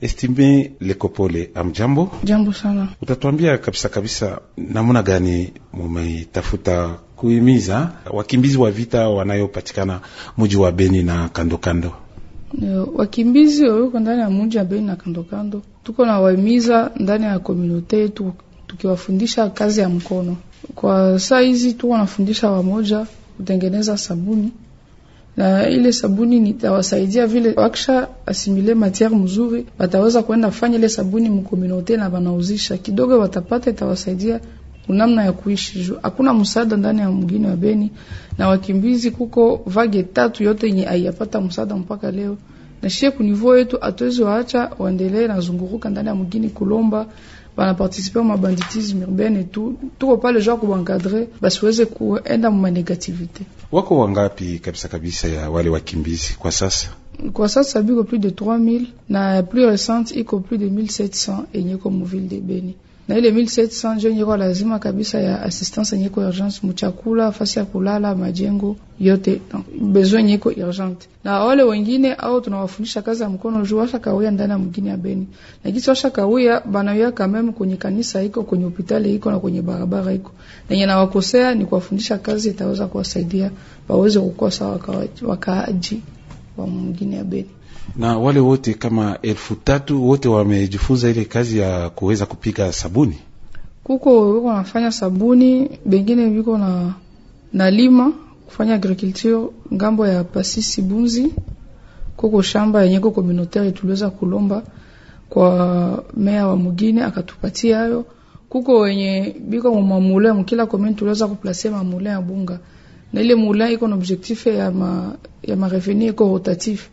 Estime Lekopole, amjambo. Jambo sana. Utatuambia kabisa kabisa namna gani mumeitafuta kuhimiza wakimbizi wa vita wanayopatikana muji wa Beni na kando kando? Eh, wakimbizi walioko ndani ya muji wa Beni na kandokando, tuko na wahimiza ndani ya komunote yetu, tukiwafundisha kazi ya mkono. Kwa saa hizi tuko nafundisha wamoja kutengeneza sabuni na ile sabuni nitawasaidia vile wakisha asimile matiere mzuri, wataweza kwenda fanya ile sabuni mkomunote na wanauzisha kidogo, watapata itawasaidia namna ya kuishi juu hakuna msaada ndani ya mgini wa Beni na wakimbizi, kuko vage tatu yote yenye aiyapata msaada mpaka leo, na shie kunivua yetu atuwezi waacha waendelee na zunguruka ndani ya mgini kulomba participer et tout. Tout wanapartisipe mabanditisme urbaine tu tuko pale jua kuwankadre basiweze kuenda mumanegativite. Wako wangapi kabisa kabisa ya wale wakimbizi kwa sasa? Kwa sasa biko plus de 3000 na plus recente iko plus de 1700 enyeko ville de Beni. na ile 1700 njo nyeko lazima kabisa ya assistance nyeko urgence mchakula, fasi ya kulala, majengo yote no. Besoin nyeko urgente. Na wale wengine au tunawafundisha kazi ya mkono juu washa kawia ndani ya mgini ya Beni. Na kisi washa kawia banawia kamem kwenye kanisa iko kwenye hospitali iko na kwenye barabara iko. Na yenye nawakosea ni kuwafundisha kazi itaweza kuwasaidia waweze kukosa wakaaji wa mgini ya Beni na wale wote kama elfu tatu wote wamejifunza ile kazi ya kuweza kupika sabuni. Kuko wiko nafanya sabuni, bengine viko na, na lima kufanya agriculture ngambo ya Pasisi Bunzi. Kuko shamba yenye ko communautaire tuliweza kulomba kwa mea wa mugine akatupatia hayo. Kuko wenye biko mwa mule mkila commune tuliweza kuplacer mamule ya bunga na ile mule iko na objectif ya ma, ya ma revenu iko rotatif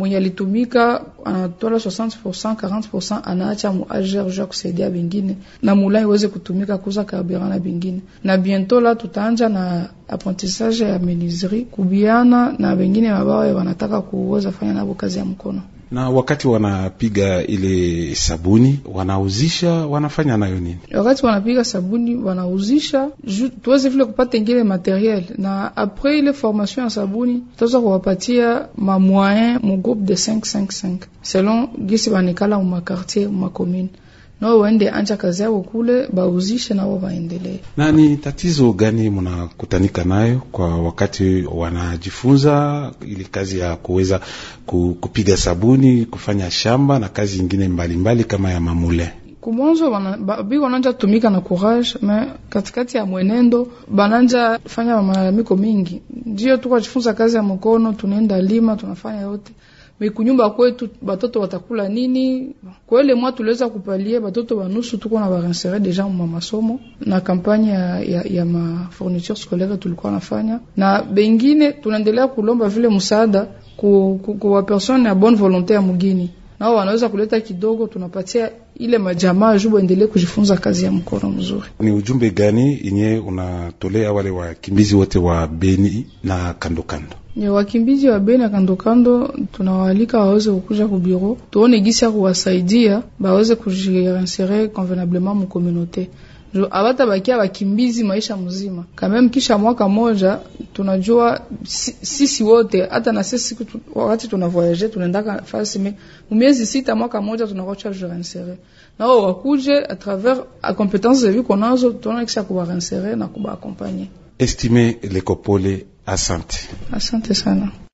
mwenye alitumika anatola 60% 40% anaacha muajer juu ya kusaidia bengine na mulai weze kutumika kuza kabira na bengine. Na biento la tutaanja na apprentissage ya menuiserie kubiana na bengine mabawe wanataka kuweza fanya nabo kazi ya mkono na wakati wanapiga ile sabuni wanauzisha, wanafanya nayo nini? Wakati wanapiga sabuni wanauzisha, tuweze vile kupata ingine materiel, na apres ile formation ya sabuni tutaweza kuwapatia mamwayen mu groupe de 555 selon gisi wanikala mumakartier mumakomune no waende anja kazi yao kule bauzishe nao waendelee. Na ni tatizo gani mnakutanika nayo kwa wakati wanajifunza ili kazi ya kuweza kupiga sabuni, kufanya shamba na kazi ingine mbalimbali mbali kama ya mamule? Kumwanzo bi wananja tumika na courage me katikati ya mwenendo bananja fanya malalamiko mingi, ndio tukajifunza kazi ya mkono, tunaenda lima, tunafanya yote mekunyumba kwetu batoto watakula nini? Kwele mwa tuliweza kupalie batoto banusu tuko na barensere deja mwa masomo na kampanya ya, ya ma fourniture scolaire tulikuwa nafanya, na bengine tunaendelea kulomba vile msaada ku, ku, ku wa persone ya bonne volonté ya mugini nao wanaweza kuleta kidogo, tunapatia ile majamaa jubu endelee kujifunza kazi ya mkono mzuri. Ni ujumbe gani yenye unatolea wale wakimbizi wote wa Beni na kando kando? Ni wakimbizi wa Beni na kando kando, tunawaalika waweze kukuja ku bureau, tuone gisi ya kuwasaidia baweze kujiinsere convenablement mu communauté abata bakia bakimbizi maisha mzima. Kamem kisha mwaka moja, tunajua sisi wote, hata na sisi wakati tuna voyage tunaendaka fasi me miezi sita mwaka moja tunakocha je rensere na wao wakuje a travers a competence zetu konazo, tunaona kisha kuba rensere na kuba accompagner. Estime Lekopole, asante, asante sana.